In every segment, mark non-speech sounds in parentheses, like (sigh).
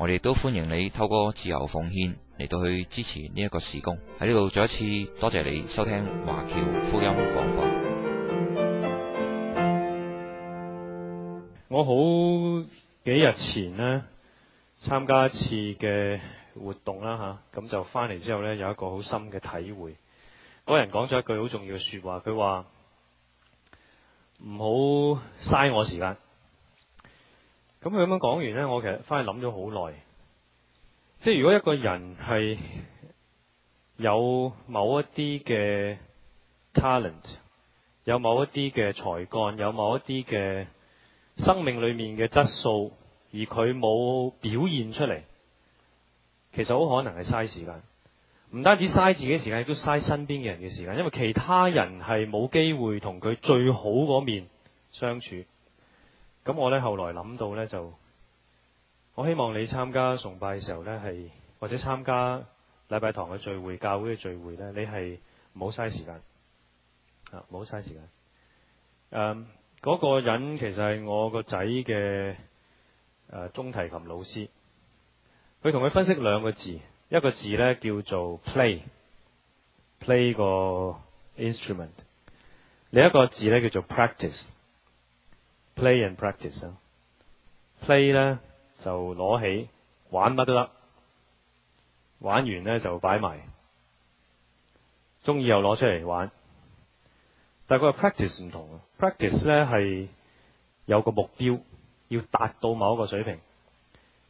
我哋都歡迎你透過自由奉獻嚟到去支持呢一個事工。喺呢度再一次多謝你收聽華僑福音廣播。我好幾日前呢，參加一次嘅活動啦吓，咁、啊、就翻嚟之後呢，有一個好深嘅體會。嗰人講咗一句好重要嘅說話，佢話唔好嘥我時間。咁佢咁樣講完呢，我其實翻去諗咗好耐。即係如果一個人係有某一啲嘅 talent，有某一啲嘅才幹，有某一啲嘅生命裏面嘅質素，而佢冇表現出嚟，其實好可能係嘥時間。唔單止嘥自己時間，亦都嘥身邊嘅人嘅時間，因為其他人係冇機會同佢最好嗰面相處。咁我咧後來諗到咧，就我希望你參加崇拜嘅時候咧，係或者參加禮拜堂嘅聚會、教會嘅聚會咧，你係唔好嘥時間啊，唔好嘥時間。誒、啊，嗰、啊那個人其實係我個仔嘅誒中提琴老師，佢同佢分析兩個字，一個字咧叫做 play，play play 個 instrument；另一個字咧叫做 practice。Play and practice 啊！Play 咧就攞起玩乜都得，玩完咧就擺埋，中意又攞出嚟玩。但係佢嘅 practice 唔同啊！Practice 咧係有個目標，要達到某一個水平，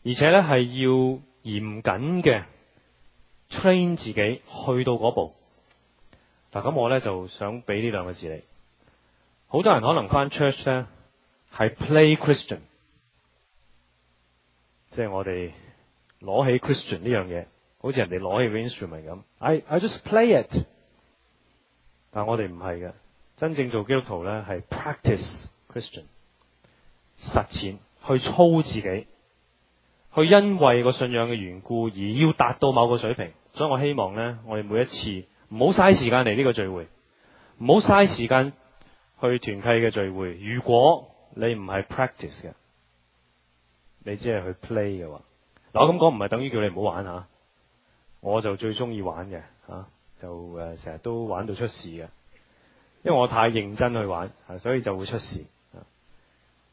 而且咧係要嚴謹嘅 train 自己去到嗰步。嗱、啊，咁我咧就想俾呢兩個字你。好多人可能翻 church 咧。係 play Christian，即係我哋攞起 Christian 呢樣嘢，好似人哋攞起 instrument 咁。I I just play it，但我哋唔係嘅，真正做基督徒咧係 practice Christian，實踐去操自己，去因為個信仰嘅緣故而要達到某個水平。所以我希望咧，我哋每一次唔好嘥時間嚟呢個聚會，唔好嘥時間去團契嘅聚會。如果你唔係 practice 嘅，你只係去 play 嘅話，嗱，我咁講唔係等於叫你唔好玩吓、啊，我就最中意玩嘅吓、啊，就誒成日都玩到出事嘅，因為我太認真去玩，啊、所以就會出事。啊、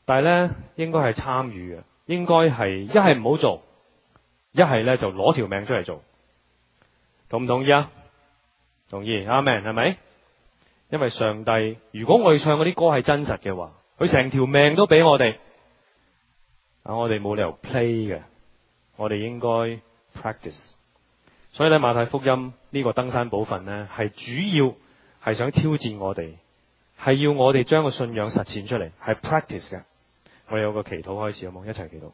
但係咧，應該係參與嘅，應該係一係唔好做，一係咧就攞條命出嚟做，同唔同意啊？同意，阿 man 係咪？因為上帝，如果我哋唱啲歌係真實嘅話。佢成條命都俾我哋，啊，我哋冇理由 play 嘅，我哋應該 practice。所以咧，馬太福音呢個登山寶訓呢，係主要係想挑戰我哋，係要我哋將個信仰實踐出嚟，係 practice 嘅。我哋有個祈禱開始，有冇？一齊祈禱。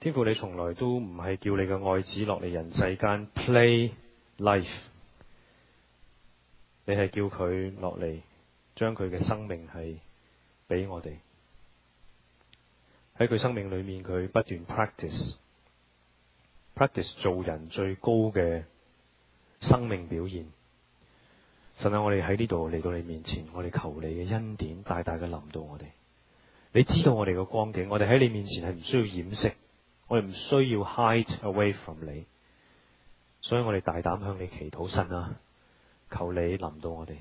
天父，你從來都唔係叫你嘅愛子落嚟人世間 play life，你係叫佢落嚟。將佢嘅生命係俾我哋，喺佢生命裏面佢不斷 practice，practice 做人最高嘅生命表現。神啊，我哋喺呢度嚟到你面前，我哋求你嘅恩典大大嘅臨到我哋。你知道我哋嘅光景，我哋喺你面前係唔需要掩飾，我哋唔需要 hide away from 你。所以我哋大膽向你祈禱，神啊，求你臨到我哋。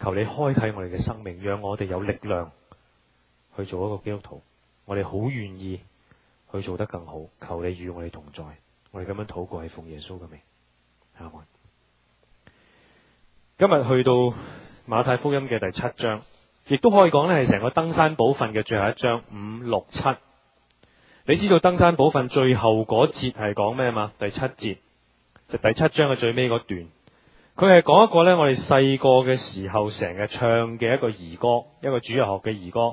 求你開啟我哋嘅生命，讓我哋有力量去做一個基督徒。我哋好願意去做得更好。求你與我哋同在。我哋咁樣禱告，係奉耶穌嘅名。阿門。今日去到馬太福音嘅第七章，亦都可以講咧係成個登山寶訓嘅最後一章五六七。5, 6, 7, 你知道登山寶訓最後嗰節係講咩嘛？第七節，就是，第七章嘅最尾嗰段。佢係講一個呢，我哋細個嘅時候成日唱嘅一個兒歌，一個主日學嘅兒歌。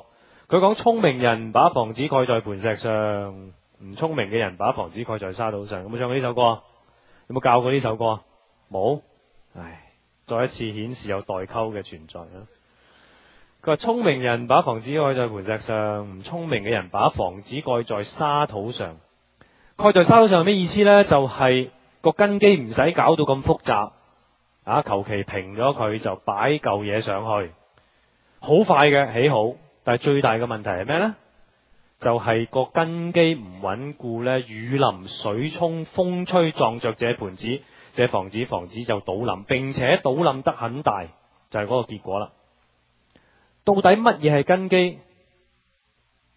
佢講聰明人把房子蓋在磐石上，唔聰明嘅人把房子蓋在沙土上。有冇唱過呢首歌？有冇教過呢首歌？冇，唉，再一次顯示有代溝嘅存在啦。佢話聰明人把房子蓋在磐石上，唔聰明嘅人把房子蓋在沙土上。蓋在沙土上咩意思呢？就係個根基唔使搞到咁複雜。啊！求其平咗佢就擺嚿嘢上去，好快嘅起好，但係最大嘅問題係咩呢？就係個根基唔穩固咧，雨淋、水沖、風吹，撞着這盤子、這房子，房子就倒冧，並且倒冧得很大，就係嗰個結果啦。到底乜嘢係根基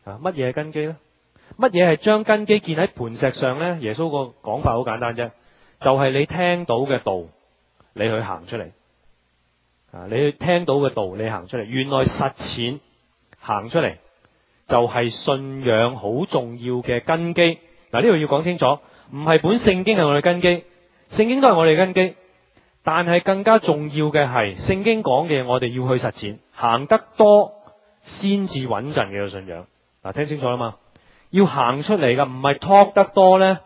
啊？乜嘢係根基咧？乜嘢係將根基建喺磐石上呢？耶穌個講法好簡單啫，就係你聽到嘅道，你去行出嚟啊！你去聽到嘅道理，你行出嚟，原來實踐行出嚟就係信仰好重要嘅根基。嗱，呢度要講清楚，唔係本聖經係我哋根基，聖經都係我哋根基，但係更加重要嘅係聖經講嘅，我哋要去實踐，行得多先至穩陣嘅信仰。嗱，聽清楚啦嘛，要行出嚟噶，唔係 talk 得多呢，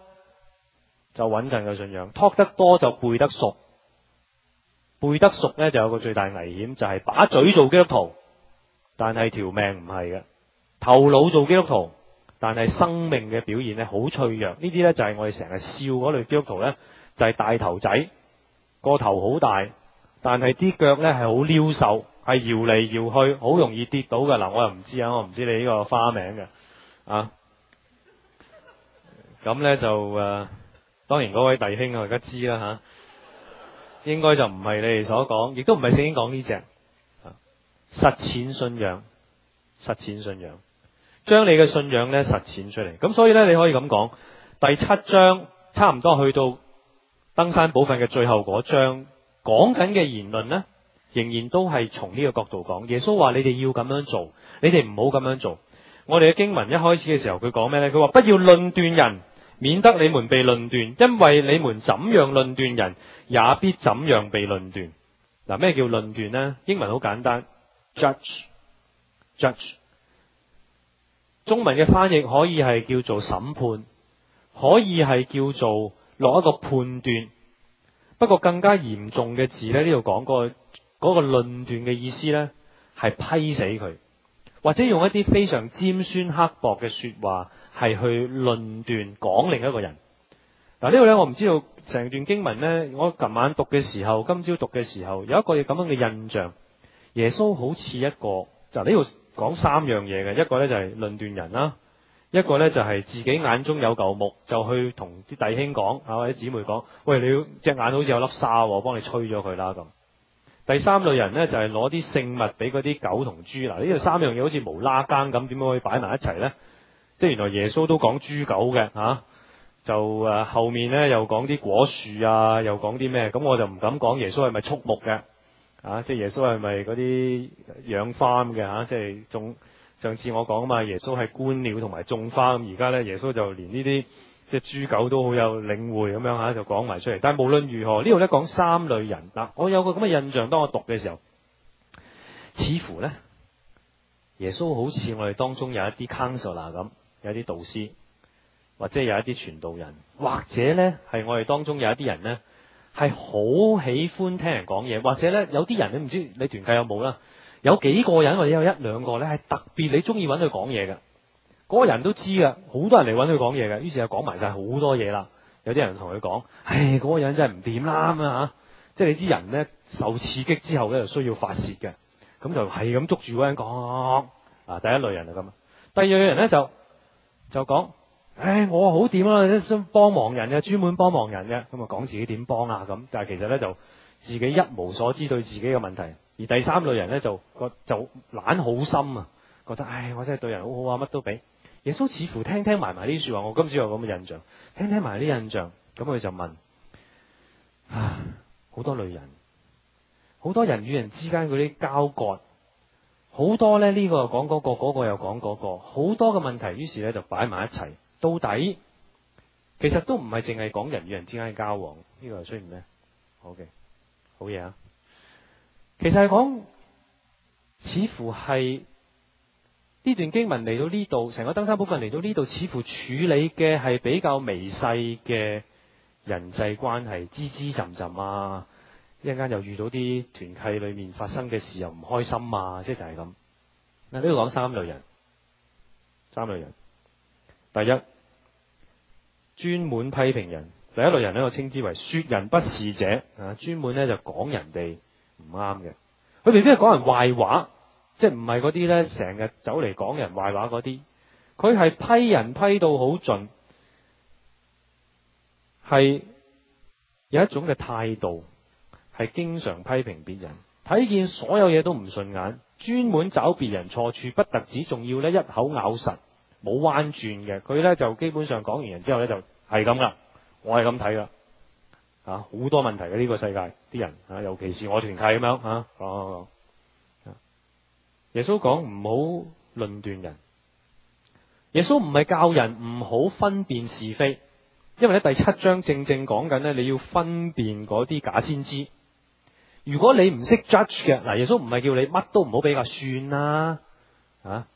就穩陣嘅信仰，talk 得多就背得熟。背得熟咧，就有個最大危險，就係把嘴做基督徒，但係條命唔係嘅；頭腦做基督徒，但係生命嘅表現咧好脆弱。呢啲咧就係我哋成日笑嗰類基督徒咧，就係大頭仔，個頭好大，但係啲腳咧係好撩瘦，係搖嚟搖去，好容易跌到㗎。嗱，我又唔知啊，我唔知你呢個花名嘅啊。咁咧就誒，當然嗰位弟兄我而家知啦吓。應該就唔係你哋所講，亦都唔係聖經講呢只實踐信仰，實踐信仰，將你嘅信仰呢實踐出嚟。咁所以呢，你可以咁講，第七章差唔多去到登山寶訓嘅最後嗰章，講緊嘅言論呢，仍然都係從呢個角度講。耶穌話你哋要咁樣做，你哋唔好咁樣做。我哋嘅經文一開始嘅時候佢講咩呢？佢話不要論斷人，免得你們被論斷，因為你們怎樣論斷人，也必怎樣被論斷。嗱，咩叫論斷咧？英文好簡單 judge，judge。中文嘅翻譯可以係叫做審判，可以係叫做落一個判斷，不過更加嚴重嘅字咧，呢度講過嗰個論斷嘅意思咧，係批死佢，或者用一啲非常尖酸刻薄嘅說話，係去論斷講另一個人。嗱呢度咧，我唔知道成段經文呢，我琴晚讀嘅時候，今朝讀嘅時候，有一個嘅咁樣嘅印象，耶穌好似一個，就呢度講三樣嘢嘅，一個呢，就係論斷人啦，一個呢，就係自己眼中有舊木，就去同啲弟兄講啊或者姊妹講，喂你要隻眼好似有粒沙，我幫你吹咗佢啦咁。第三類人呢，就係攞啲聖物俾嗰啲狗同豬，嗱呢度三樣嘢好似無拉更咁，點樣可以擺埋一齊呢？即係原來耶穌都講豬狗嘅吓。啊就誒、啊、後面咧又講啲果樹啊，又講啲咩？咁我就唔敢講耶穌係咪畜牧嘅啊？即係耶穌係咪啲養花嘅吓、啊，即係種上次我講啊嘛，耶穌係觀鳥同埋種花咁。而家咧耶穌就連呢啲即係豬狗都好有領會咁樣吓、啊、就講埋出嚟。但係無論如何，呢度咧講三類人嗱、啊，我有個咁嘅印象，當我讀嘅時候，似乎咧耶穌好似我哋當中有一啲 counselor 嗱咁，有啲導師。或者有一啲傳道人，或者呢係我哋當中有一啲人呢係好喜歡聽人講嘢，或者呢有啲人你唔知你團契有冇啦，有幾個人或者有一兩個呢係特別你中意揾佢講嘢嘅，嗰個人都知噶，好多人嚟揾佢講嘢嘅，於是就講埋晒好多嘢啦。有啲人同佢講，唉，嗰個人真係唔掂啦咁啊，即係你啲人呢受刺激之後呢就需要發泄嘅，咁就係咁捉住嗰人講啊！第一類人就咁，第二類人呢就就講。唉，我好點啊！想幫忙人嘅，啊，專門幫忙人嘅，啊，咁啊講自己點幫啊咁。但係其實呢，就自己一無所知，對自己嘅問題。而第三類人呢，就個就懶好心啊，覺得唉，我真係對人好好啊，乜都俾。耶穌似乎聽聽埋埋啲說話，我今朝有咁嘅印象，聽聽埋啲印象，咁佢就問：唉，好多類人，好多人與人之間嗰啲交割，好多呢呢個又講嗰個，嗰個又講嗰個，好多嘅問題，於是呢，就擺埋一齊。到底其實都唔係淨係講人與人之間嘅交往，呢個係需要咩？Okay, 好嘅，好嘢啊！其實係講，似乎係呢段經文嚟到呢度，成個登山部分嚟到呢度，似乎處理嘅係比較微細嘅人際關係，滋滋浸浸啊！一陣間又遇到啲團契裏面發生嘅事又唔開心啊，即係就係咁。嗱，呢度講三類人，三類人，第一。專門批評人，第一類人呢，我稱之為說人不是者，啊，專門咧就講人哋唔啱嘅，佢未必係講人壞話，即係唔係嗰啲咧成日走嚟講人壞話嗰啲，佢係批人批到好盡，係有一種嘅態度，係經常批評別人，睇見所有嘢都唔順眼，專門找別人錯處，不得止，仲要咧一口咬實。冇彎轉嘅，佢呢就基本上講完人之後呢，就係咁噶，我係咁睇噶，好、啊、多問題嘅呢、呢個世界啲人啊，尤其是我團契咁樣吓講、啊啊啊啊啊啊、耶穌講唔好論斷人，耶穌唔係教人唔好分辨是非，因為呢第七章正正講緊呢：你要分辨嗰啲假先知。如果你唔識 judge 嘅嗱，耶穌唔係叫你乜都唔好比較算啦，啊。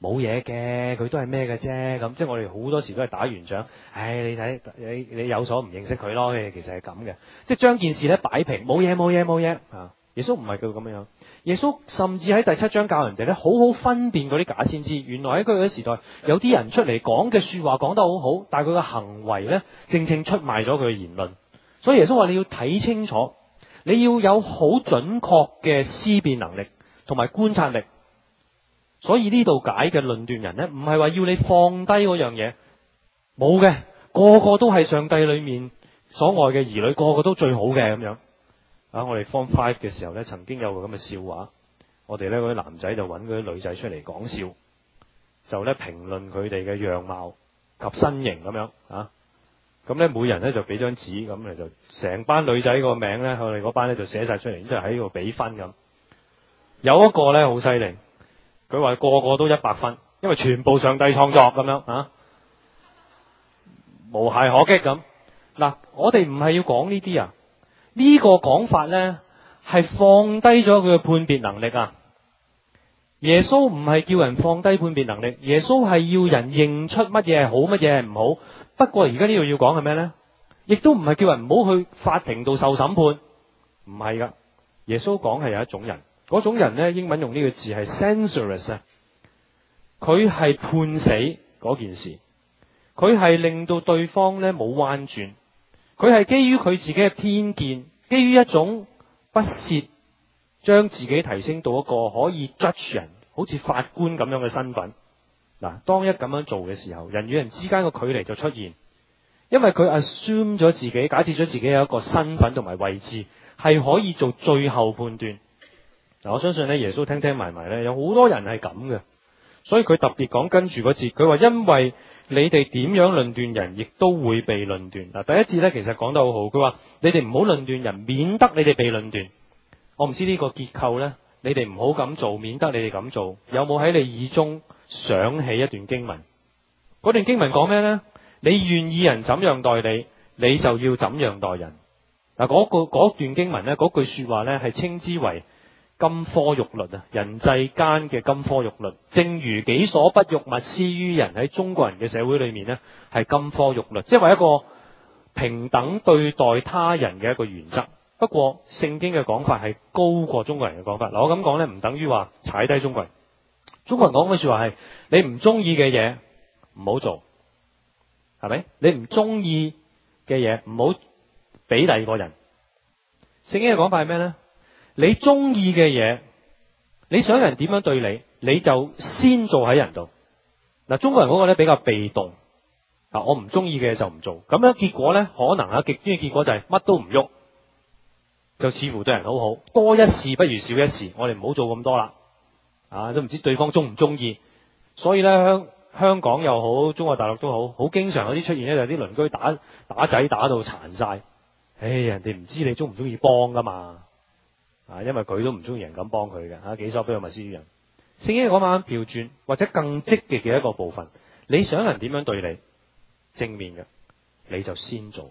冇嘢嘅，佢都係咩嘅啫？咁即係我哋好多時都係打圓場，唉，你睇你你有所唔認識佢咯，其實係咁嘅。即係將件事咧擺平，冇嘢冇嘢冇嘢。啊，耶穌唔係叫咁樣。耶穌甚至喺第七章教人哋咧，好好分辨嗰啲假先知。原來喺佢嗰時代，有啲人出嚟講嘅說話講得好好，但係佢嘅行為呢，正正出賣咗佢嘅言論。所以耶穌話你要睇清楚，你要有好準確嘅思辨能力同埋觀察力。所以呢度解嘅論斷人呢，唔係話要你放低嗰樣嘢，冇嘅。個個都係上帝裏面所愛嘅兒女，個個都最好嘅咁樣啊。我哋 form five 嘅時候呢，曾經有個咁嘅笑話，我哋呢嗰啲男仔就揾嗰啲女仔出嚟講笑，就呢評論佢哋嘅樣貌及身形咁樣啊。咁呢，每人呢就俾張紙咁，你就成班女仔個名呢，佢哋嗰班呢就寫晒出嚟，即係喺度比分咁。有一個呢，好犀利。佢話個個都一百分，因為全部上帝創作咁樣啊，無懈可擊咁。嗱，啊，我哋唔係要講呢啲啊，呢個講法呢，係放低咗佢嘅判別能力啊。耶穌唔係叫人放低判別能力，耶穌係要人認出乜嘢係好，乜嘢係唔好。不過而家呢度要講係咩呢？亦都唔係叫人唔好去法庭度受審判，唔係噶。耶穌講係有一種人。嗰種人咧，英文用呢個字係 censorious，佢係判死嗰件事，佢係令到對方咧冇彎轉，佢係基於佢自己嘅偏見，基於一種不屑，將自己提升到一個可以 judge 人，好似法官咁樣嘅身份。嗱，當一咁樣做嘅時候，人與人之間嘅距離就出現，因為佢 assume 咗自己，假設咗自己有一個身份同埋位置，係可以做最後判斷。嗱，我相信咧，耶穌聽聽埋埋咧，有好多人係咁嘅，所以佢特別講跟住嗰節，佢話，因為你哋點樣論斷人，亦都會被論斷。嗱，第一節咧其實講得好好，佢話，你哋唔好論斷人，免得你哋被論斷。我唔知呢個結構咧，你哋唔好咁做，免得你哋咁做。有冇喺你耳中想起一段經文？嗰段經文講咩咧？你願意人怎樣待你，你就要怎樣待人。嗱，嗰個嗰段經文咧，嗰句說話咧，係稱之為。金科玉律啊，人際間嘅金科玉律，正如己所不欲，勿施於人。喺中國人嘅社會裏面咧，係金科玉律，即係話一個平等對待他人嘅一個原則。不過聖經嘅講法係高過中國人嘅講法。嗱，我咁講咧，唔等於話踩低中國人。中國人講嘅說話係你唔中意嘅嘢唔好做，係咪？你唔中意嘅嘢唔好俾第二個人。聖經嘅講法係咩咧？你中意嘅嘢，你想人點樣對你，你就先做喺人度。嗱、啊，中國人嗰個咧比較被動，嗱、啊，我唔中意嘅嘢就唔做。咁、啊、樣結果呢，可能啊極端嘅結果就係乜都唔喐，就似乎對人好好。多一事不如少一事，我哋唔好做咁多啦。啊，都唔知對方中唔中意，所以呢，香香港又好，中國大陸都好，好經常有啲出現呢，就啲鄰居打打仔打到殘晒。唉、哎，人哋唔知你中唔中意幫㗎嘛。啊，因為佢都唔中意人咁幫佢嘅。吓幾所俾我先書人。聖經嗰晚調轉，或者更積極嘅一個部分，你想人點樣對你，正面嘅，你就先做。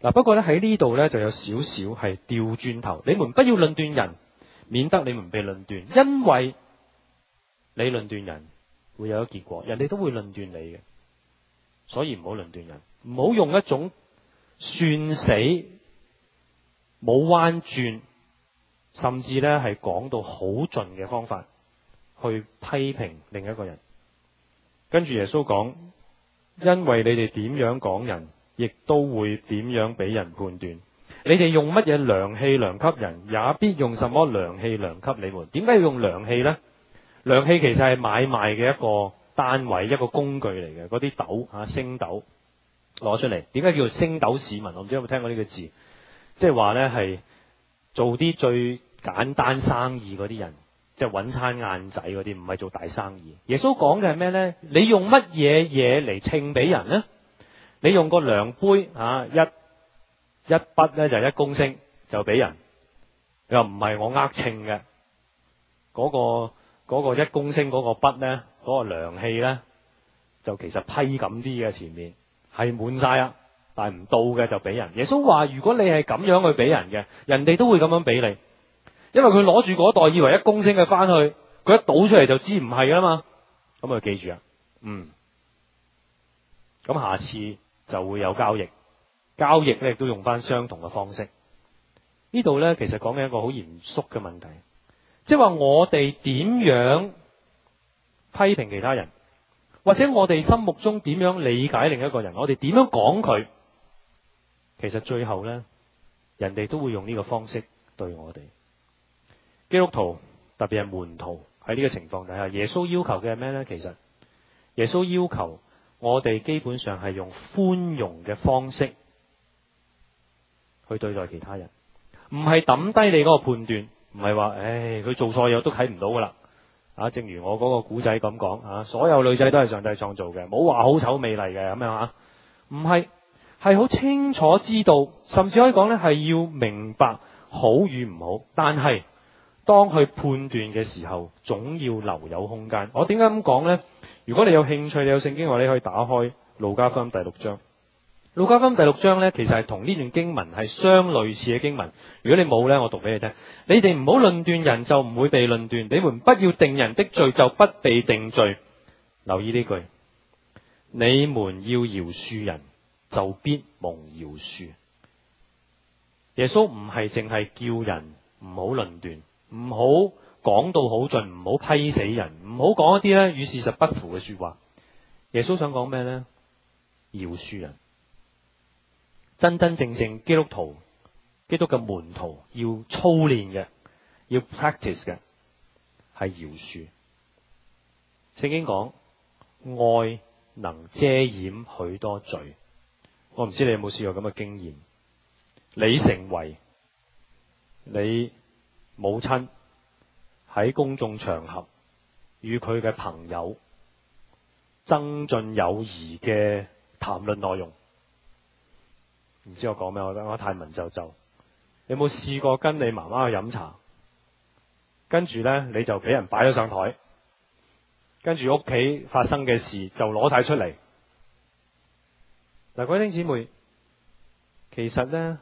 嗱、啊，不過咧喺呢度咧就有少少係調轉頭，你們不要論斷人，免得你們被論斷，因為你論斷人會有一個結果，人哋都會論斷你嘅，所以唔好論斷人，唔好用一種算死冇彎轉。甚至咧係講到好盡嘅方法去批評另一個人，跟住耶穌講，因為你哋點樣講人，亦都會點樣俾人判斷。你哋用乜嘢量器量給人，也必用什麼量器量給你們。點解要用量器呢？量器其實係買賣嘅一個單位，一個工具嚟嘅。嗰啲斗吓、啊、升斗攞出嚟，點解叫升斗市民？我唔知有冇聽過個、就是、呢個字，即係話呢係。做啲最簡單生意嗰啲人，即係揾餐晏仔嗰啲，唔係做大生意。耶穌講嘅係咩呢？你用乜嘢嘢嚟稱俾人呢？你用個量杯嚇、啊，一一筆呢一就一公升就俾人。又唔係我呃稱嘅，嗰、嗰個嗰個一公升嗰個筆呢，嗰、嗰個量器呢，就其實批緊啲嘅前面係滿晒啦。但唔到嘅就俾人。耶穌話：如果你係咁樣去俾人嘅，人哋都會咁樣俾你。因為佢攞住嗰袋以為一公升嘅翻去，佢一倒出嚟就知唔係噶嘛。咁啊記住啊，嗯。咁下次就會有交易，交易佢亦都用翻相同嘅方式。呢度呢，其實講緊一個好嚴肅嘅問題，即係話我哋點樣批評其他人，或者我哋心目中點樣理解另一個人，我哋點樣講佢。其實最後呢，人哋都會用呢個方式對我哋。基督徒特別係門徒喺呢個情況底下，耶穌要求嘅係咩呢？其實耶穌要求我哋基本上係用寬容嘅方式去對待其他人，唔係抌低你嗰個判斷，唔係話誒佢做錯嘢都睇唔到噶啦。啊，正如我嗰個古仔咁講啊，所有女仔都係上帝創造嘅，冇話好醜美麗嘅咁樣啊，唔係。係好清楚知道，甚至可以講呢，係要明白好與唔好。但係當去判斷嘅時候，總要留有空間。我點解咁講呢？如果你有興趣，你有聖經嘅話，你可以打開路加福音第六章。路加福音第六章呢，其實係同呢段經文係相類似嘅經文。如果你冇呢，我讀俾你聽。你哋唔好論斷人，就唔會被論斷；你們不要定人的罪，就不被定罪。留意呢句，你們要饒恕人，就必蒙饒恕。耶穌唔係淨係叫人唔好論斷，唔好講到好盡，唔好批死人，唔好講一啲咧與事實不符嘅說話。耶穌想講咩呢？饒恕人，真真正正基督徒、基督嘅門徒要操練嘅，要 practice 嘅，係饒恕。聖經講，愛能遮掩許多罪。我唔知你有冇試過咁嘅經驗，你成為你母親喺公眾場合與佢嘅朋友增進友誼嘅談論內容，唔知我講咩？我覺得太文就就。你有冇試過跟你媽媽去飲茶，跟住呢，你就俾人擺咗上台，跟住屋企發生嘅事就攞晒出嚟。嗱，各位弟兄姊妹，其實呢，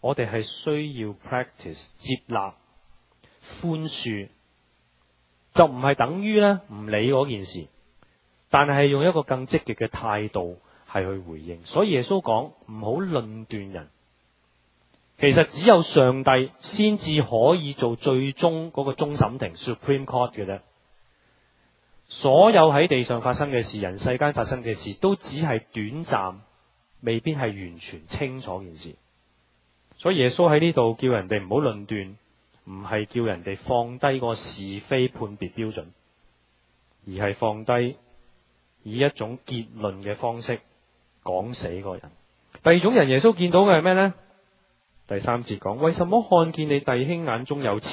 我哋係需要 practice 接納、寬恕，就唔係等於咧唔理嗰件事，但係用一個更積極嘅態度係去回應。所以耶穌講唔好論斷人，其實只有上帝先至可以做最終嗰個終審庭 （Supreme Court） 嘅咧。所有喺地上發生嘅事，人世間發生嘅事，都只係短暫，未必係完全清楚件事。所以耶穌喺呢度叫人哋唔好論斷，唔係叫人哋放低個是非判別標準，而係放低以一種結論嘅方式講死個人。第二種人，耶穌見到嘅係咩呢？第三節講：為什麼看見你弟兄眼中有刺，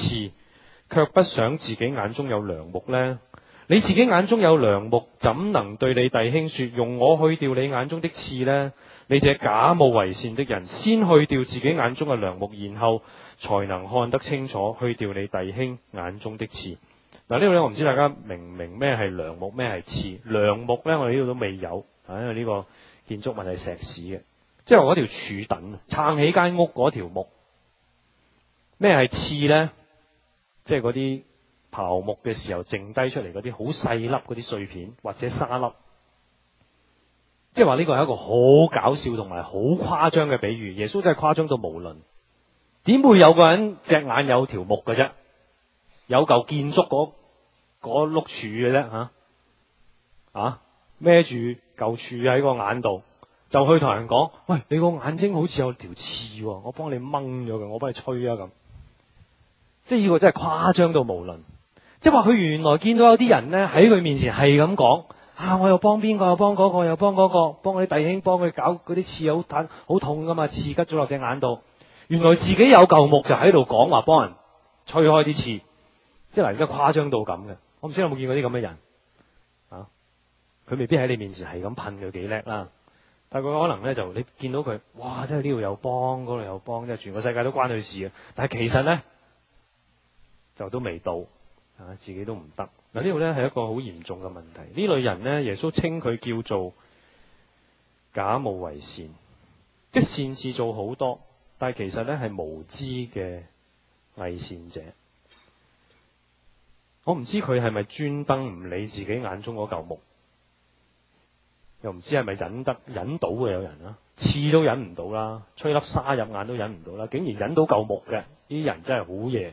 卻不想自己眼中有梁木呢？」你自己眼中有梁木，怎能對你弟兄說，用我去掉你眼中的刺呢？你這假冒為善的人，先去掉自己眼中嘅梁木，然後才能看得清楚去掉你弟兄眼中的刺。嗱，呢度呢，我唔知大家明唔明咩係梁木，咩係刺？梁木呢，我哋呢度都未有，因為呢個建築物係石屎嘅，即係嗰條柱墩撐起間屋嗰條木。咩係刺呢？即係嗰啲。刨木嘅時候，剩低出嚟嗰啲好細粒嗰啲碎片或者沙粒，即係話呢個係一個好搞笑同埋好誇張嘅比喻。耶穌真係誇張到無倫，點會有個人隻眼有條木嘅啫，有嚿建築嗰碌柱嘅啫吓，啊孭住嚿柱喺個眼度，就去同人講：喂，你個眼睛好似有條刺，我幫你掹咗佢，我幫你吹啊！咁，即係呢個真係誇張到無倫。即係話佢原來見到有啲人呢，喺佢面前係咁講，啊我又幫邊個又幫嗰個又幫嗰個，幫嗰啲弟兄，幫佢搞嗰啲刺好痛好痛噶嘛，刺吉咗落隻眼度。原來自己有舊木就喺度講話幫人吹開啲刺，即係嗱而家誇張到咁嘅。我唔知有冇見過啲咁嘅人啊？佢未必喺你面前係咁噴佢幾叻啦，但佢可能呢，就你見到佢，哇！真係呢度有幫嗰度有幫，即係全個世界都關佢事啊！但係其實呢，就都未到。啊！自己都唔得嗱，呢度咧係一個好嚴重嘅問題。呢類人咧，耶穌稱佢叫做假冒為善，即善事做好多，但係其實咧係無知嘅偽善者。我唔知佢係咪專登唔理自己眼中嗰嚿木，又唔知係咪忍得忍到嘅有人啦，刺都忍唔到啦，吹粒沙入眼都忍唔到啦，竟然忍到嚿木嘅，呢啲人真係好嘢。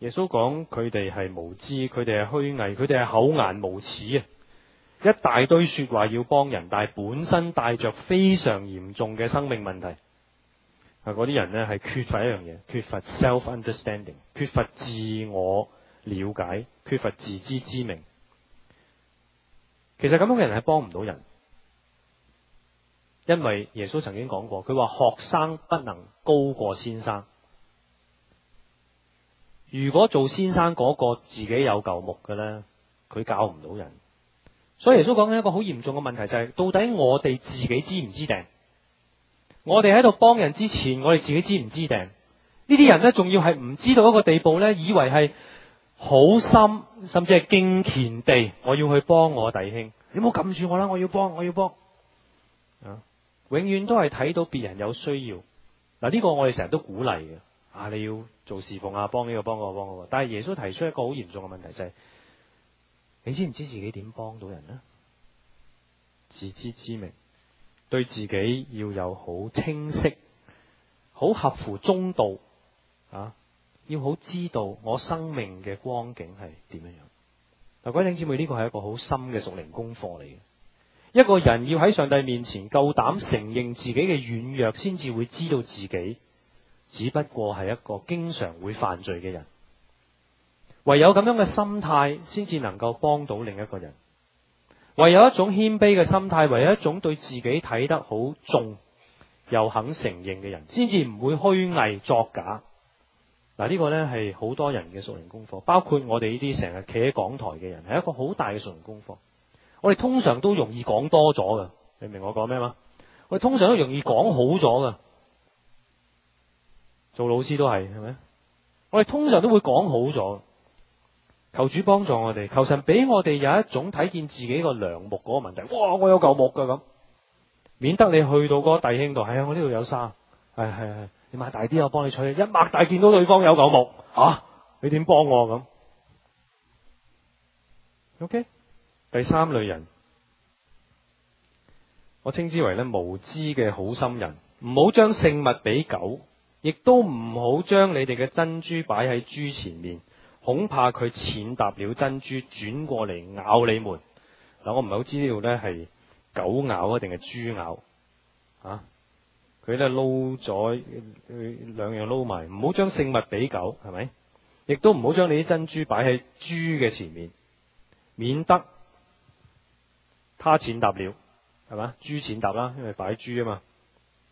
耶穌講佢哋係無知，佢哋係虛偽，佢哋係厚顏無恥啊！一大堆說話要幫人，但係本身帶着非常嚴重嘅生命問題。嗱，嗰啲人呢，係缺乏一樣嘢，缺乏 self understanding，缺乏自我了解，缺乏自知之明。其實咁樣嘅人係幫唔到人，因為耶穌曾經講過，佢話學生不能高過先生。如果做先生嗰個自己有舊木嘅，咧，佢搞唔到人。所以耶穌講緊一個好嚴重嘅問題，就係到底我哋自己知唔知定？我哋喺度幫人之前，我哋自己知唔知定？呢啲人咧，仲要係唔知道一個地步咧，以為係好心，甚至係敬虔地，我要去幫我弟兄。你唔好撳住我啦，我要幫，我要幫。啊，永遠都係睇到別人有需要。嗱，呢個我哋成日都鼓勵嘅啊，你要。做侍奉啊，幫呢、這個幫、這個幫、這個，但係耶穌提出一個好嚴重嘅問題，就是，就係你知唔知自己點幫到人咧？自知之明，對自己要有好清晰，好合乎中道啊，要好知道我生命嘅光景係點樣樣。嗱，啊，弟兄姊妹，呢、這個係一個好深嘅屬靈功課嚟嘅。一個人要喺上帝面前夠膽承認自己嘅軟弱，先至會知道自己。只不過係一個經常會犯罪嘅人，唯有咁樣嘅心態，先至能夠幫到另一個人。唯有一種謙卑嘅心態，唯有一種對自己睇得好重又肯承認嘅人，先至唔會虛偽作假。嗱，呢個呢係好多人嘅熟人功課，包括我哋呢啲成日企喺講台嘅人，係一個好大嘅熟人功課。我哋通常都容易講多咗嘅，你明我講咩嗎？我哋通常都容易講好咗嘅。做老師都係係咪？我哋通常都會講好咗，求主幫助我哋，求神俾我哋有一種睇見自己個梁木嗰個問題。哇！我有嚿木嘅咁，免得你去到嗰個弟兄度，係、哎、啊，我呢度有沙，係係係，你擘大啲，我幫你取。一擘大見到對方有嚿木，吓、啊、你點幫我咁？OK，第三類人，我稱之為咧無知嘅好心人，唔好將聖物俾狗。亦都唔好將你哋嘅珍珠擺喺豬前面，恐怕佢踐踏了珍珠，轉過嚟咬你們。嗱，我唔係好知道咧，係狗咬啊定係豬咬啊？佢咧撈咗兩樣撈埋，唔好將聖物俾狗，係咪？亦都唔好將你啲珍珠擺喺豬嘅前面，免得他踐踏了，係嘛？豬踐踏啦，因為擺豬啊嘛，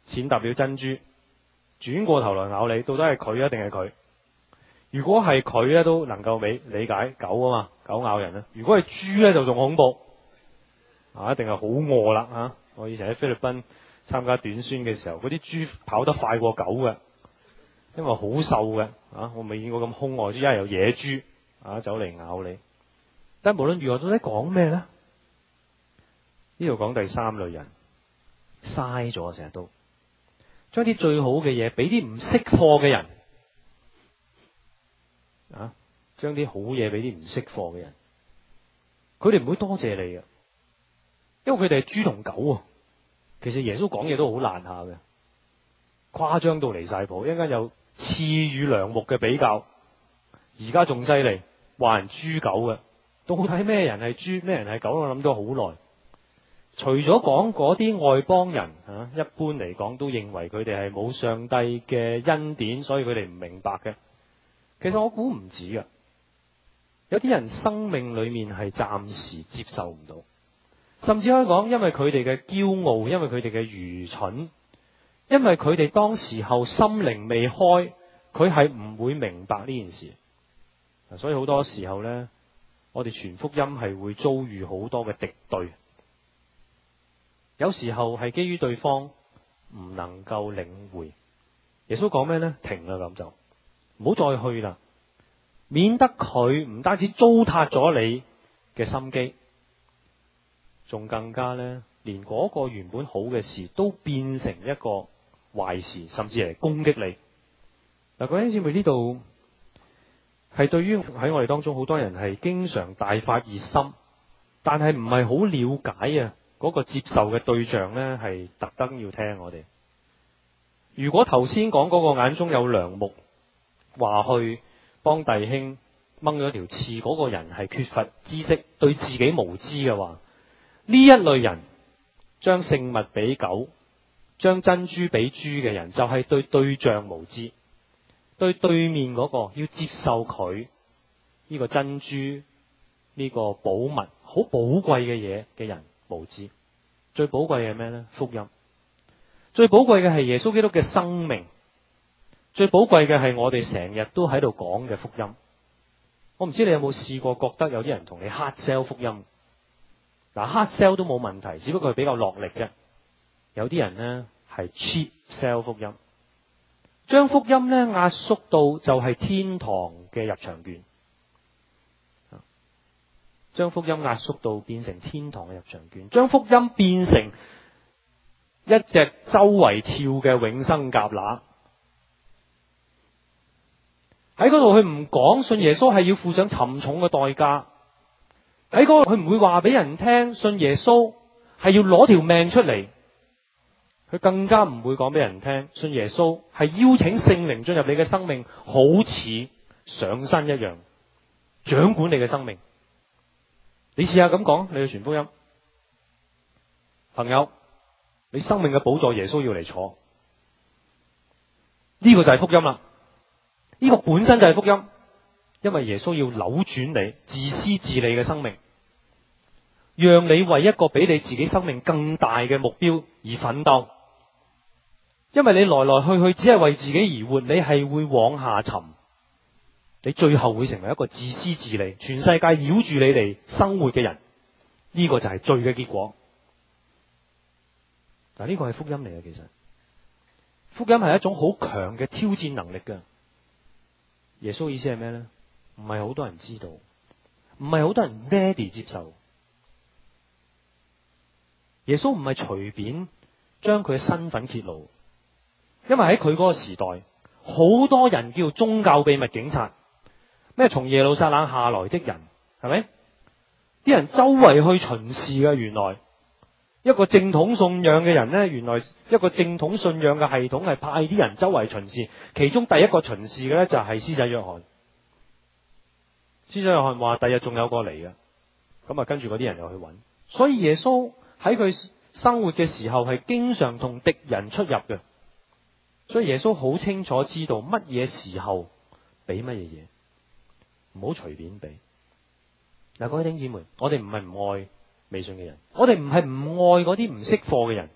踐踏了珍珠。轉過頭來咬你，到底係佢啊定係佢？如果係佢咧，都能夠理理解狗啊嘛，狗咬人咧、啊。如果係豬咧，就仲恐怖啊！一定係好餓啦啊！我以前喺菲律賓參加短宣嘅時候，嗰啲豬跑得快過狗嘅，因為好瘦嘅啊！我未見過咁凶惡豬，因為有野豬啊走嚟咬你。但無論如何，到底講咩呢？呢度講第三類人，嘥咗成日都。將啲最好嘅嘢俾啲唔識貨嘅人啊！將啲好嘢俾啲唔識貨嘅人，佢哋唔會多謝你嘅，因為佢哋係豬同狗。啊！其實耶穌講嘢都好爛下嘅，誇張到離晒譜。一陣間有刺與樑木嘅比較，而家仲犀利，話人豬狗嘅。到底咩人係豬，咩人係狗？我諗咗好耐。除咗講嗰啲外邦人嚇，一般嚟講都認為佢哋係冇上帝嘅恩典，所以佢哋唔明白嘅。其實我估唔止㗎，有啲人生命裡面係暫時接受唔到，甚至可以講，因為佢哋嘅驕傲，因為佢哋嘅愚蠢，因為佢哋當時候心靈未開，佢係唔會明白呢件事。所以好多時候呢，我哋傳福音係會遭遇好多嘅敵對。有時候係基於對方唔能夠領會，耶穌講咩呢？停啦，咁就唔好再去啦，免得佢唔單止糟蹋咗你嘅心機，仲更加呢，連嗰個原本好嘅事都變成一個壞事，甚至係攻擊你。嗱、呃，各位姊妹，呢度係對於喺我哋當中好多人係經常大發熱心，但係唔係好了解啊。嗰個接受嘅對象呢，係特登要聽我哋。如果頭先講嗰個眼中有樑木話去幫弟兄掹咗條刺，嗰、那個人係缺乏知識，對自己無知嘅話，呢一類人將聖物俾狗，將珍珠俾豬嘅人，就係、是、對對象無知，對對，對面嗰個要接受佢呢、這個珍珠呢、這個寶物好寶貴嘅嘢嘅人。無知，最寶貴嘅係咩咧？福音，最寶貴嘅係耶穌基督嘅生命，最寶貴嘅係我哋成日都喺度講嘅福音。我唔知你有冇試過覺得有啲人同你 hard sell 福音，嗱，hard sell 都冇問題，只不過係比較落力啫。有啲人咧係 cheap sell 福音，將福音咧壓縮到就係天堂嘅入場券。將福音壓縮到變成天堂嘅入場券，將福音變成一隻周圍跳嘅永生夾乸。喺嗰度佢唔講，信耶穌係要付上沉重嘅代價。喺嗰度佢唔會話俾人聽，信耶穌係要攞條命出嚟。佢更加唔會講俾人聽，信耶穌係邀請聖靈進入你嘅生命，好似上身一樣掌管你嘅生命。你試下咁講，你去傳福音，朋友，你生命嘅寶座耶穌要嚟坐，呢個就係福音啦，呢個本身就係福音，因為耶穌要扭轉你自私自利嘅生命，讓你為一個比你自己生命更大嘅目標而奮鬥，因為你來來去去只係為自己而活，你係會往下沉。你最後會成為一個自私自利，全世界繞住你哋生活嘅人，呢、這個就係罪嘅結果。但呢個係福音嚟嘅，其實福音係一種好強嘅挑戰能力㗎。耶穌意思係咩呢？唔係好多人知道，唔係好多人 ready 接受。耶穌唔係隨便將佢嘅身份揭露，因為喺佢嗰個時代，好多人叫宗教秘密警察。咩從耶路撒冷下來的人，係咪？啲人周圍去巡視嘅，原來一個正統信仰嘅人呢，原來一個正統信仰嘅系統係派啲人周圍巡視。其中第一個巡視嘅呢，就係施仔約翰。施仔約翰話：第日仲有過嚟嘅，咁啊跟住嗰啲人又去揾。所以耶穌喺佢生活嘅時候係經常同敵人出入嘅，所以耶穌好清楚知道乜嘢時候俾乜嘢嘢。唔好隨便俾嗱。各位弟兄姊妹，我哋唔係唔愛未信嘅人，我哋唔係唔愛嗰啲唔識貨嘅人，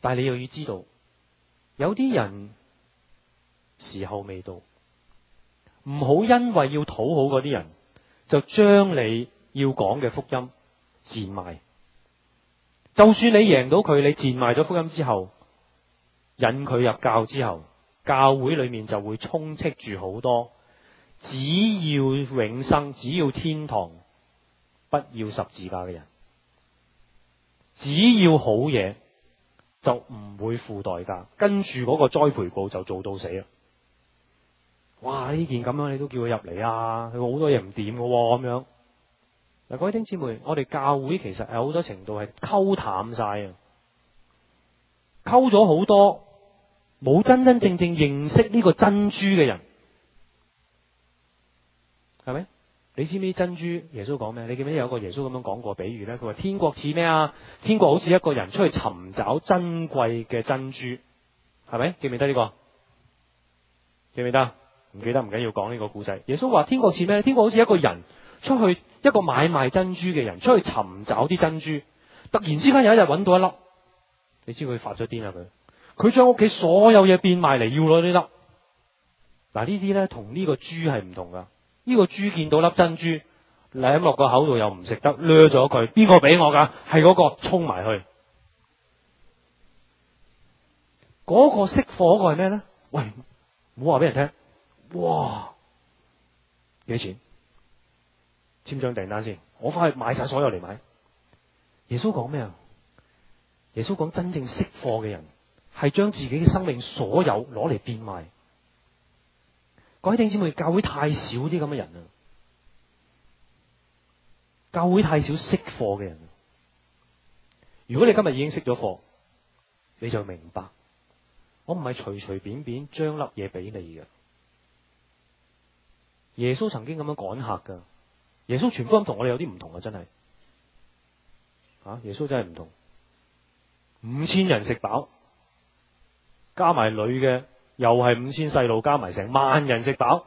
但係你又要知道，有啲人時候未到，唔好因為要討好嗰啲人，就將你要講嘅福音賤賣。就算你贏到佢，你賤賣咗福音之後，引佢入教之後，教會裏面就會充斥住好多。只要永生，只要天堂，不要十字架嘅人，只要好嘢就唔會付代價，跟住個栽培部就做到死啦！哇！呢件咁樣你都叫佢入嚟啊？佢話好多嘢唔掂嘅咁樣。嗱、啊，各位弟兄姊妹，我哋教會其實係好多程度係溝淡晒啊，溝咗好多冇真真正正認識呢個珍珠嘅人。係咪？你知唔知珍珠？耶穌講咩？你記唔記得有個耶穌咁樣講過比喻呢，佢話天國似咩啊？天國好似一個人出去尋找珍貴嘅珍珠，係咪？記唔記得呢個？記唔記得？唔記得唔緊要，講呢個故仔。耶穌話天國似咩？天國好似一個人出去一個買賣珍珠嘅人出去尋找啲珍珠，突然之間有一日揾到一粒，你知佢發咗癲啦佢。佢將屋企所有嘢變賣嚟要攞呢粒。嗱呢啲呢，同呢個珠係唔同噶。呢個豬見到粒珍珠，舐落個口度又唔食得，掠咗佢。邊個俾我噶？係嗰個衝埋去，嗰 (music) 個識貨嗰個係咩咧？喂，唔好話俾人聽。哇，幾錢？簽張訂單先，我翻去買晒所有嚟買。耶穌講咩啊？耶穌講真正識貨嘅人，係將自己嘅生命所有攞嚟變賣。各位弟兄，教會太少啲咁嘅人啊！教會太少識貨嘅人。如果你今日已經識咗貨，你就明白，我唔係隨隨便便將粒嘢俾你嘅。耶穌曾經咁樣趕客噶，耶穌全方同我哋有啲唔同啊！真係，啊，耶穌真係唔同。五千人食飽，加埋女嘅。又係五千細路加埋成萬人食飽，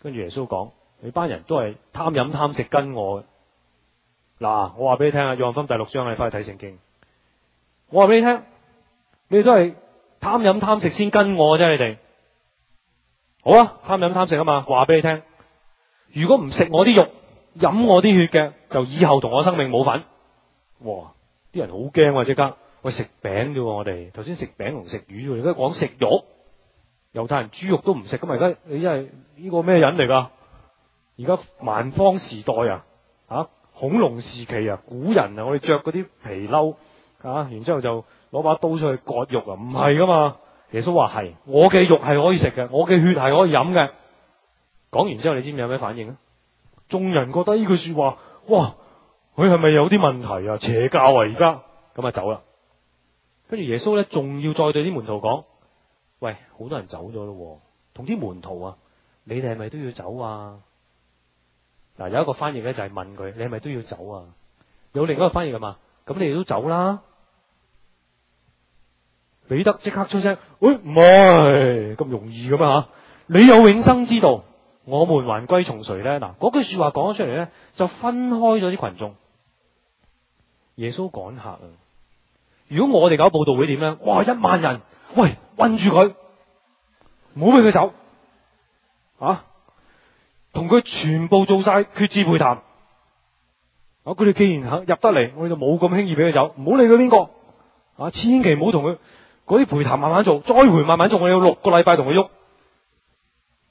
跟住耶穌講：你班人都係貪飲貪食跟我嘅。嗱，我話俾你聽啊，約翰福音第六章你翻去睇聖經。我話俾你聽，你哋都係貪飲貪食先跟我啫，你哋。好啊，貪飲貪食啊嘛。話俾你聽，如果唔食我啲肉、飲我啲血嘅，就以後同我生命冇份。哇！啲人好驚啊，即刻。喂，食餅啫，我哋頭先食餅同食魚而，而家講食肉。猶太人豬肉都唔食，咁而家你真係呢個咩人嚟噶？而家蠻荒時代啊，吓、啊，恐龍時期啊，古人啊，我哋着嗰啲皮褸啊，然之後就攞把刀出去割肉啊，唔係噶嘛？耶穌話係，我嘅肉係可以食嘅，我嘅血係可以飲嘅。講完之後，你知唔知有咩反應啊？眾人覺得呢句說話，哇，佢係咪有啲問題啊？邪教啊！而家咁啊走啦。跟住耶穌呢，仲要再對啲門徒講，喂，好多人走咗咯、啊，同啲門徒啊，你哋係咪都要走啊？嗱，有一個翻譯呢，就係、是、問佢，你係咪都要走啊？有另一個翻譯咁嘛，咁你哋都走啦。彼得即刻出聲，喂、哎，唔係咁容易噶嘛。你有永生之道，我們還歸從誰呢？」嗱，嗰句話說話講咗出嚟，呢，就分開咗啲群眾。耶穌趕客啊！如果我哋搞報道會點咧？哇，一萬人，喂，困住佢，唔好俾佢走，啊，同佢全部做晒決志陪談、啊啊。我佢哋既然肯入得嚟，我哋就冇咁輕易俾佢走，唔好理佢邊個，啊，千祈唔好同佢嗰啲陪談，慢慢做，再陪慢慢做，我要六個禮拜同佢喐。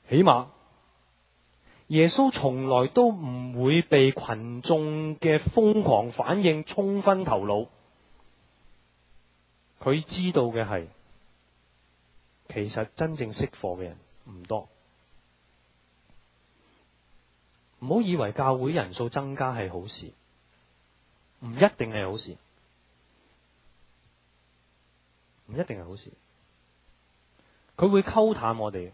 起碼耶穌從來都唔會被群眾嘅瘋狂反應沖昏頭腦。佢知道嘅係，其實真正識貨嘅人唔多。唔好以為教會人數增加係好事，唔一定係好事，唔一定係好事。佢會溝淡我哋。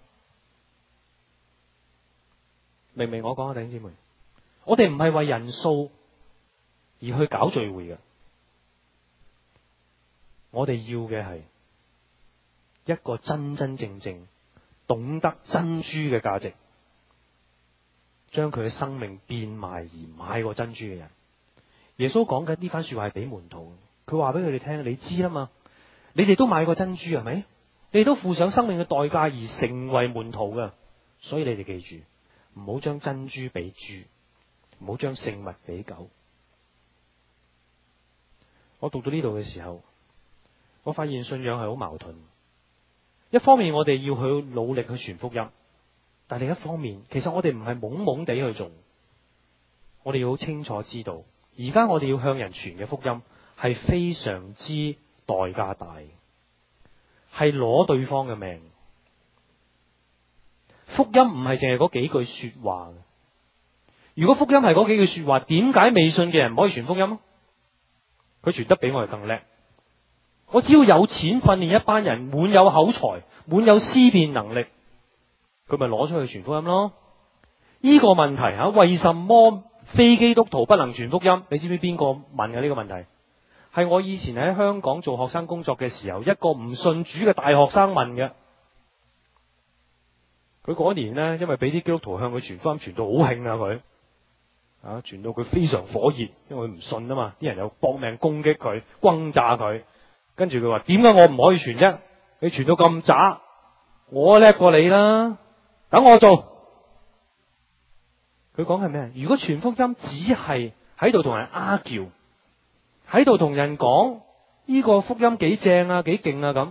明明我講啊，弟兄姊妹，我哋唔係為人數而去搞聚會嘅。我哋要嘅係一個真真正正懂得珍珠嘅價值，將佢嘅生命變賣而買過珍珠嘅人。耶穌講緊呢番說話係俾門徒，佢話俾佢哋聽，你知啦嘛？你哋都買過珍珠係咪？你哋都付上生命嘅代價而成為門徒㗎，所以你哋記住，唔好將珍珠俾豬，唔好將聖物俾狗。我讀到呢度嘅時候。我發現信仰係好矛盾，一方面我哋要去努力去傳福音，但另一方面，其實我哋唔係懵懵地去做，我哋要好清楚知道，而家我哋要向人傳嘅福音係非常之代價大，係攞對方嘅命。福音唔係淨係嗰幾句說話。如果福音係嗰幾句說話，點解未信嘅人唔可以傳福音？佢傳得比我哋更叻。我只要有錢訓練一班人滿有口才、滿有思辨能力，佢咪攞出去傳福音咯？呢個問題啊，為什麼非基督徒不能傳福音？你知唔知邊個問嘅呢個問題？係我以前喺香港做學生工作嘅時候，一個唔信主嘅大學生問嘅。佢嗰年呢，因為俾啲基督徒向佢傳福音，傳到好興啊佢啊，傳到佢非常火熱，因為佢唔信啊嘛，啲人又搏命攻擊佢、轟炸佢。跟住佢話，點解我唔可以傳啫？你傳到咁渣，我叻過你啦！等我做。佢講係咩？如果傳福音只係喺度同人 argue，喺度同人講呢個福音幾正啊，幾勁啊咁。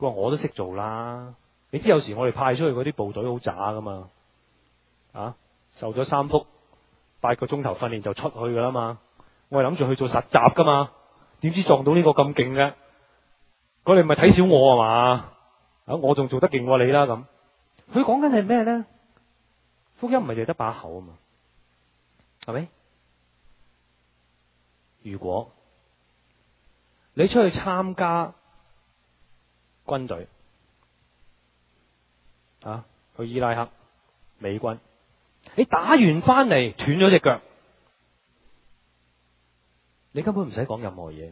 佢話我都識做啦。你知有時我哋派出去嗰啲部隊好渣噶嘛？啊，受咗三福八個鐘頭訓練就出去噶啦嘛。我係諗住去做實習噶嘛。點知撞到呢個咁勁嘅？佢哋唔係睇小我啊嘛？啊，我仲做得勁過你啦咁。佢講緊係咩咧？福音唔係就得把口啊嘛，係咪？如果你出去參加軍隊啊，去伊拉克美軍，你打完翻嚟斷咗隻腳。你根本唔使講任何嘢，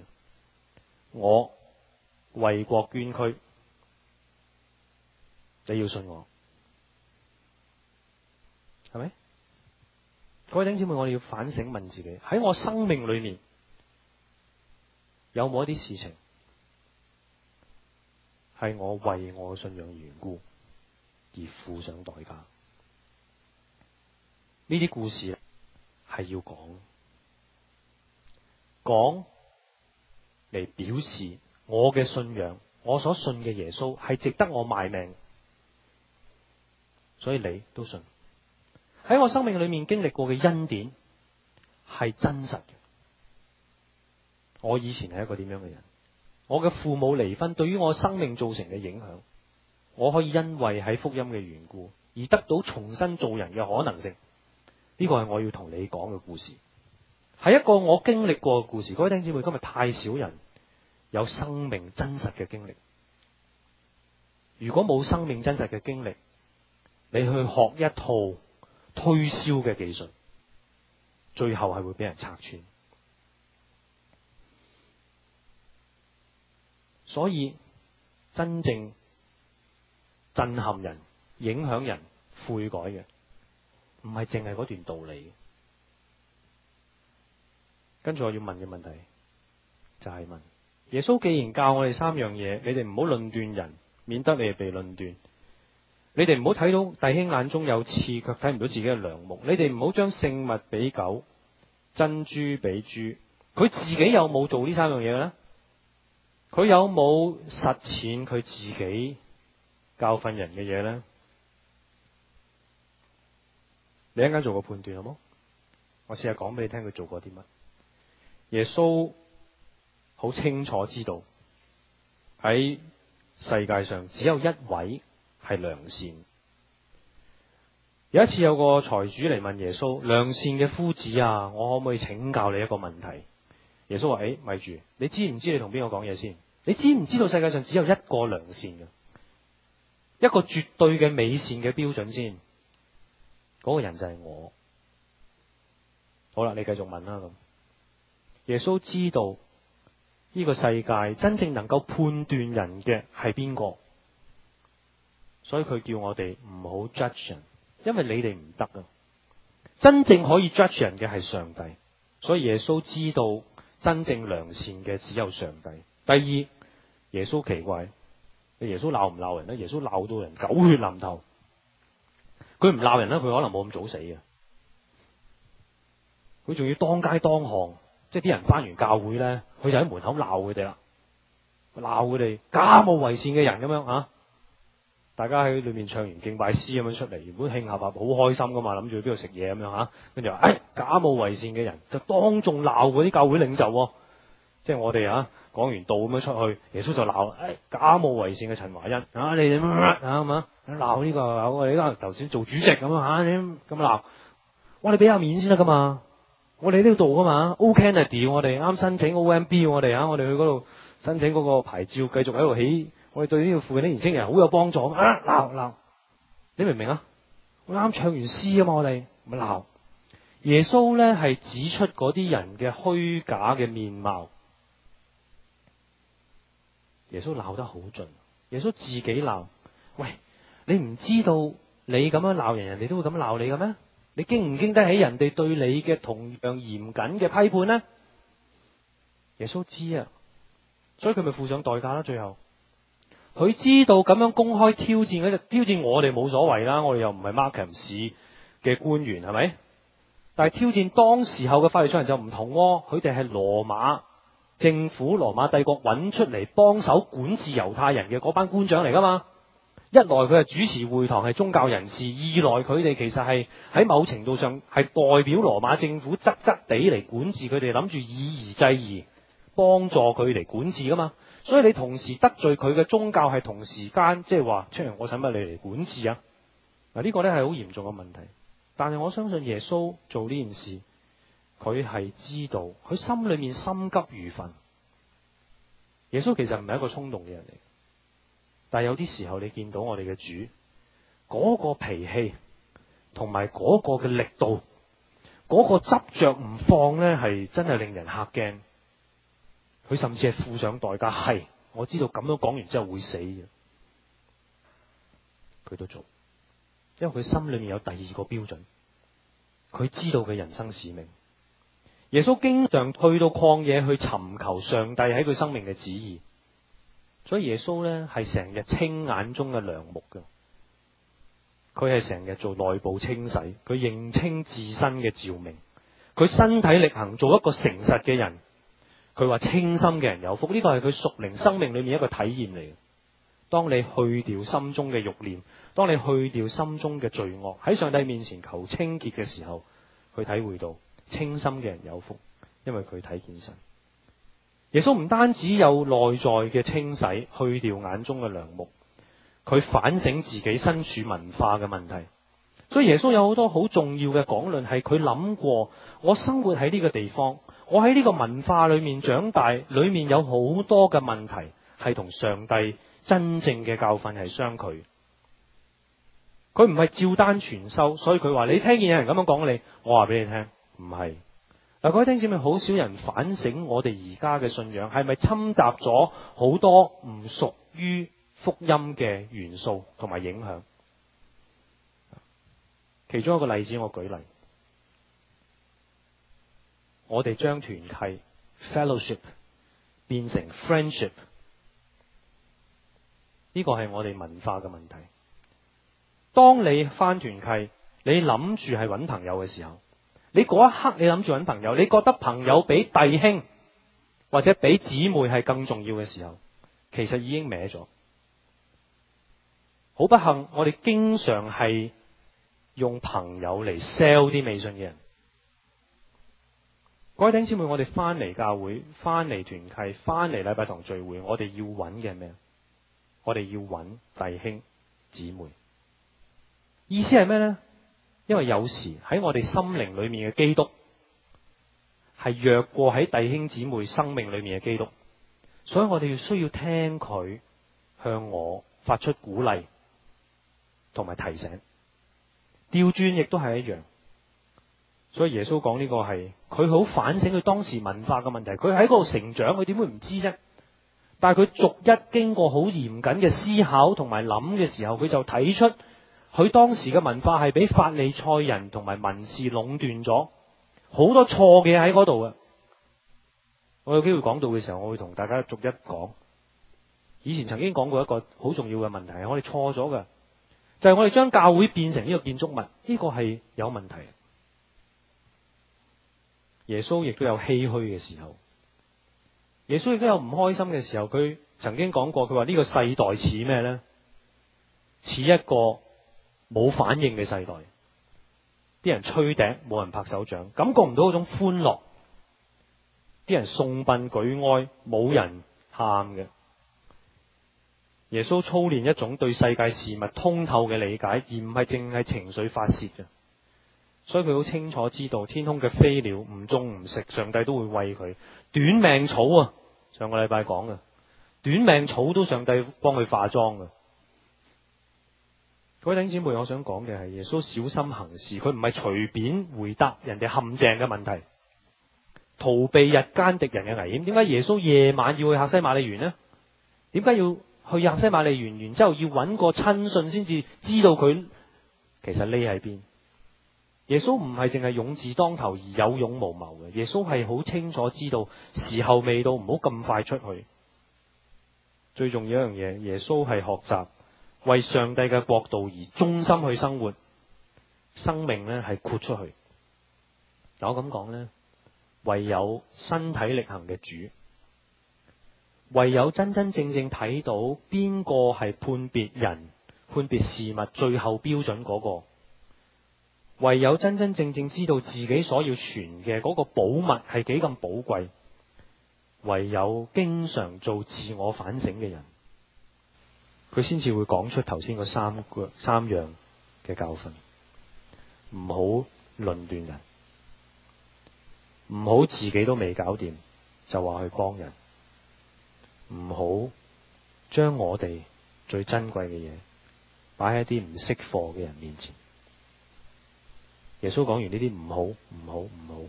我為國捐軀，你要信我，係咪？各位弟兄姊妹，我哋要反省問自己：喺我生命裏面，有冇一啲事情係我為我信仰緣故而付上代價？呢啲故事係要講。講嚟表示我嘅信仰，我所信嘅耶穌係值得我賣命，所以你都信。喺我生命裏面經歷過嘅恩典係真實嘅。我以前係一個點樣嘅人？我嘅父母離婚對於我生命造成嘅影響，我可以因為喺福音嘅緣故而得到重新做人嘅可能性。呢個係我要同你講嘅故事。係一個我經歷過嘅故事，各位弟兄姊妹，今日太少人有生命真實嘅經歷。如果冇生命真實嘅經歷，你去學一套推銷嘅技術，最後係會俾人拆穿。所以真正震撼人、影響人、悔改嘅，唔係淨係嗰段道理。跟住我要問嘅問題就係問耶穌，既然教我哋三樣嘢，你哋唔好論斷人，免得你哋被論斷。你哋唔好睇到弟兄眼中有刺，卻睇唔到自己嘅梁木，你哋唔好將聖物俾狗，珍珠俾豬。佢自己有冇做呢三樣嘢咧？佢有冇實踐佢自己教訓人嘅嘢咧？你一陣間做個判斷好冇？我試下講俾你聽佢做過啲乜。耶穌好清楚知道喺世界上只有一位係良善。有一次有個財主嚟問耶穌：良善嘅夫子啊，我可唔可以請教你一個問題？耶穌話：誒、欸，咪住，你知唔知你同邊個講嘢先？你知唔知道世界上只有一個良善嘅，一個絕對嘅美善嘅標準先？嗰個人就係我。好啦，你繼續問啦咁。耶穌知道呢個世界真正能夠判斷人嘅係邊個，所以佢叫我哋唔好 judge 人，因為你哋唔得啊！真正可以 judge 人嘅係上帝，所以耶穌知道真正良善嘅只有上帝。第二，耶穌奇怪，耶穌罵罵，耶穌鬧唔鬧人咧？耶穌鬧到人狗血淋頭，佢唔鬧人咧，佢可能冇咁早死啊！佢仲要當街當巷。即係啲人返完教會咧，佢就喺門口鬧佢哋啦，鬧佢哋假冒為善嘅人咁樣啊！大家喺裏面唱完敬拜詩咁樣出嚟，原本慶合啊，好開心噶嘛，諗住去邊度食嘢咁樣吓，跟住話誒，假冒為善嘅人就當眾鬧嗰啲教會領袖，即係我哋啊講完道咁樣出去，耶穌就鬧誒、哎、假冒為善嘅陳華恩啊，你啊，啊、這個，啊你哋啊咁啊鬧呢個鬧你啦，頭先做主席咁啊吓，咁咁鬧，我哋俾下面先得噶嘛。我哋都要做噶嘛，O Canada，我哋啱申請 OMB，我哋啊，我哋去嗰度申請嗰個牌照，繼續喺度起，我哋對呢個附近啲年輕人好有幫助啊！鬧鬧，你明唔明啊？我啱唱完詩啊嘛，我哋咪鬧。耶穌呢係指出嗰啲人嘅虛假嘅面貌。耶穌鬧得好盡，耶穌自己鬧。喂，你唔知道你咁樣鬧人，人哋都會咁樣鬧你嘅咩？你經唔經得起人哋對你嘅同樣嚴謹嘅批判呢？耶穌知啊，所以佢咪付上代價啦。最後，佢知道咁樣公開挑戰佢，就挑戰我哋冇所謂啦，我哋又唔係 Markham 市嘅官員係咪？但係挑戰當時候嘅法利賽人就唔同啊，佢哋係羅馬政府、羅馬帝國揾出嚟幫手管治猶太人嘅嗰班官長嚟噶嘛。一來佢係主持會堂係宗教人士，二來佢哋其實係喺某程度上係代表羅馬政府，執執地嚟管治佢哋，諗住以夷制夷，幫助佢嚟管治噶嘛。所以你同時得罪佢嘅宗教，係同時間即係話，出嚟我使乜你嚟管治啊？嗱，呢個呢係好嚴重嘅問題。但係我相信耶穌做呢件事，佢係知道，佢心裏面心急如焚。耶穌其實唔係一個衝動嘅人嚟。但有啲時候，你見到我哋嘅主，嗰個脾氣同埋嗰個嘅力度，嗰個執着唔放呢，係真係令人嚇驚。佢甚至係付上代價，係我知道咁樣講完之後會死嘅，佢都做，因為佢心裏面有第二個標準，佢知道佢人生使命。耶穌經常去到曠野去尋求上帝喺佢生命嘅旨意。所以耶穌呢，係成日清眼中嘅梁木。嘅，佢係成日做內部清洗，佢認清自身嘅照明，佢身體力行做一個誠實嘅人。佢話清心嘅人有福，呢個係佢屬靈生命裏面一個體驗嚟。當你去掉心中嘅慾念，當你去掉心中嘅罪惡，喺上帝面前求清潔嘅時候，佢體會到清心嘅人有福，因為佢睇見神。耶穌唔單止有內在嘅清洗，去掉眼中嘅梁木，佢反省自己身處文化嘅問題。所以耶穌有好多好重要嘅講論，係佢諗過。我生活喺呢個地方，我喺呢個文化裏面長大，裏面有好多嘅問題係同上帝真正嘅教訓係相距。佢唔係照單全收，所以佢話：你聽見有人咁樣講你，我話俾你聽，唔係。嗱，各位弟兄姊妹，好少人反省我哋而家嘅信仰係咪侵襲咗好多唔屬於福音嘅元素同埋影響。其中一個例子，我舉例，我哋將團契 （fellowship） 變成 friendship，呢個係我哋文化嘅問題。當你翻團契，你諗住係揾朋友嘅時候。你嗰一刻你諗住揾朋友，你覺得朋友比弟兄或者比姊妹係更重要嘅時候，其實已經歪咗。好不幸，我哋經常係用朋友嚟 sell 啲微信嘅人。各位弟兄姊妹，我哋翻嚟教會、翻嚟團契、翻嚟禮拜堂聚會，我哋要揾嘅係咩？我哋要揾弟兄姊妹。意思係咩呢？因為有時喺我哋心靈裏面嘅基督係弱過喺弟兄姊妹生命裏面嘅基督，所以我哋要需要聽佢向我發出鼓勵同埋提醒。調轉亦都係一樣，所以耶穌講呢個係佢好反省佢當時文化嘅問題。佢喺嗰度成長，佢點會唔知啫？但係佢逐一經過好嚴謹嘅思考同埋諗嘅時候，佢就睇出。佢當時嘅文化係俾法利賽人同埋文士壟斷咗，好多錯嘅喺嗰度嘅。我有機會講到嘅時候，我會同大家逐一講。以前曾經講過一個好重要嘅問題，我哋錯咗嘅，就係我哋將教會變成呢個建築物，呢個係有問題。耶穌亦都有唏噓嘅時候，耶穌亦都有唔開心嘅時候。佢曾經講過，佢話呢個世代似咩咧？似一個。冇反應嘅世代，啲人吹笛冇人拍手掌，感覺唔到嗰種歡樂。啲人送殯舉哀冇人喊嘅。耶穌操練一種對世界事物通透嘅理解，而唔係淨係情緒發洩嘅。所以佢好清楚知道，天空嘅飛鳥唔種唔食，上帝都會餵佢。短命草啊，上個禮拜講嘅，短命草都上帝幫佢化妝嘅。各位姊妹，我想講嘅係耶穌小心行事，佢唔係隨便回答人哋陷阱嘅問題，逃避日間敵人嘅危險。點解耶穌夜晚要去客西馬利園呢？點解要去客西馬利園？完之後要揾個親信先至知道佢其實匿喺邊？耶穌唔係淨係勇字當頭而有勇無謀嘅，耶穌係好清楚知道時候未到，唔好咁快出去。最重要一樣嘢，耶穌係學習。為上帝嘅國度而忠心去生活，生命咧係豁出去。但我咁講咧，唯有身體力行嘅主，唯有真真正正睇到邊個係判別人、判別事物最後標準嗰個，唯有真真正正知道自己所要傳嘅嗰個寶物係幾咁寶貴，唯有經常做自我反省嘅人。佢先至會講出頭先個三個三樣嘅教訓唔好論斷人，唔好自己都未搞掂就話去幫人，唔好將我哋最珍貴嘅嘢擺喺啲唔識貨嘅人面前。耶穌講完呢啲唔好，唔好，唔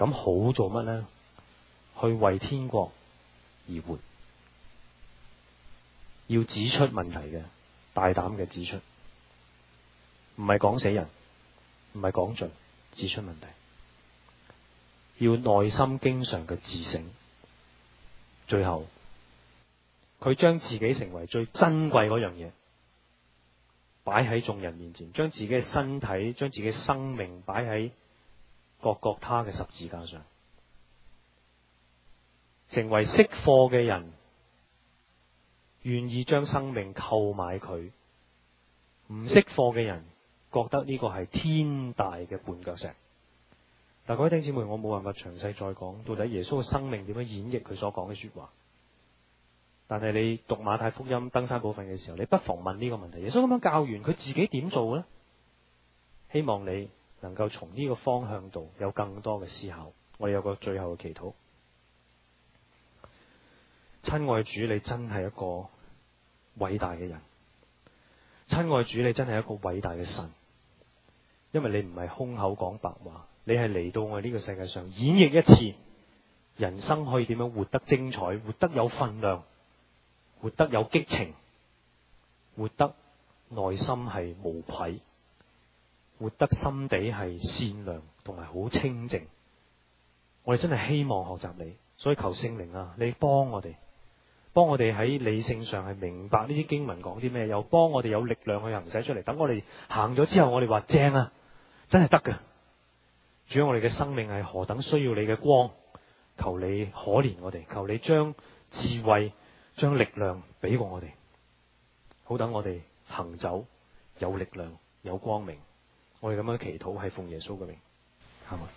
好，咁好做乜咧？去為天國而活。要指出問題嘅，大膽嘅指出，唔係講死人，唔係講盡，指出問題。要內心經常嘅自省。最後，佢將自己成為最珍貴嗰樣嘢，擺喺眾人面前，將自己嘅身體，將自己嘅生命擺喺各各他嘅十字架上，成為識貨嘅人。願意將生命購買佢，唔識貨嘅人覺得呢個係天大嘅絆腳石。嗱，各位弟兄姊妹，我冇辦法詳細再講到底耶穌嘅生命點樣演繹佢所講嘅說話。但係你讀馬太福音登山寶訓嘅時候，你不妨問呢個問題：耶穌咁樣教完，佢自己點做呢？希望你能夠從呢個方向度有更多嘅思考。我有個最後嘅祈禱：親愛主，你真係一個，偉大嘅人，親愛主，你真係一個偉大嘅神，因為你唔係空口講白話，你係嚟到我哋呢個世界上演繹一次，人生可以點樣活得精彩，活得有分量，活得有激情，活得內心係無愧，活得心底係善良同埋好清靜，我哋真係希望學習你，所以求聖靈啊，你幫我哋。幫我哋喺理性上係明白呢啲經文講啲咩，又幫我哋有力量去行使出嚟。等我哋行咗之後，我哋話正啊，真係得噶！主，我哋嘅生命係何等需要你嘅光，求你可憐我哋，求你將智慧、將力量俾過我哋，好等我哋行走有力量、有光明。我哋咁樣祈禱，係奉耶穌嘅名。係嘛？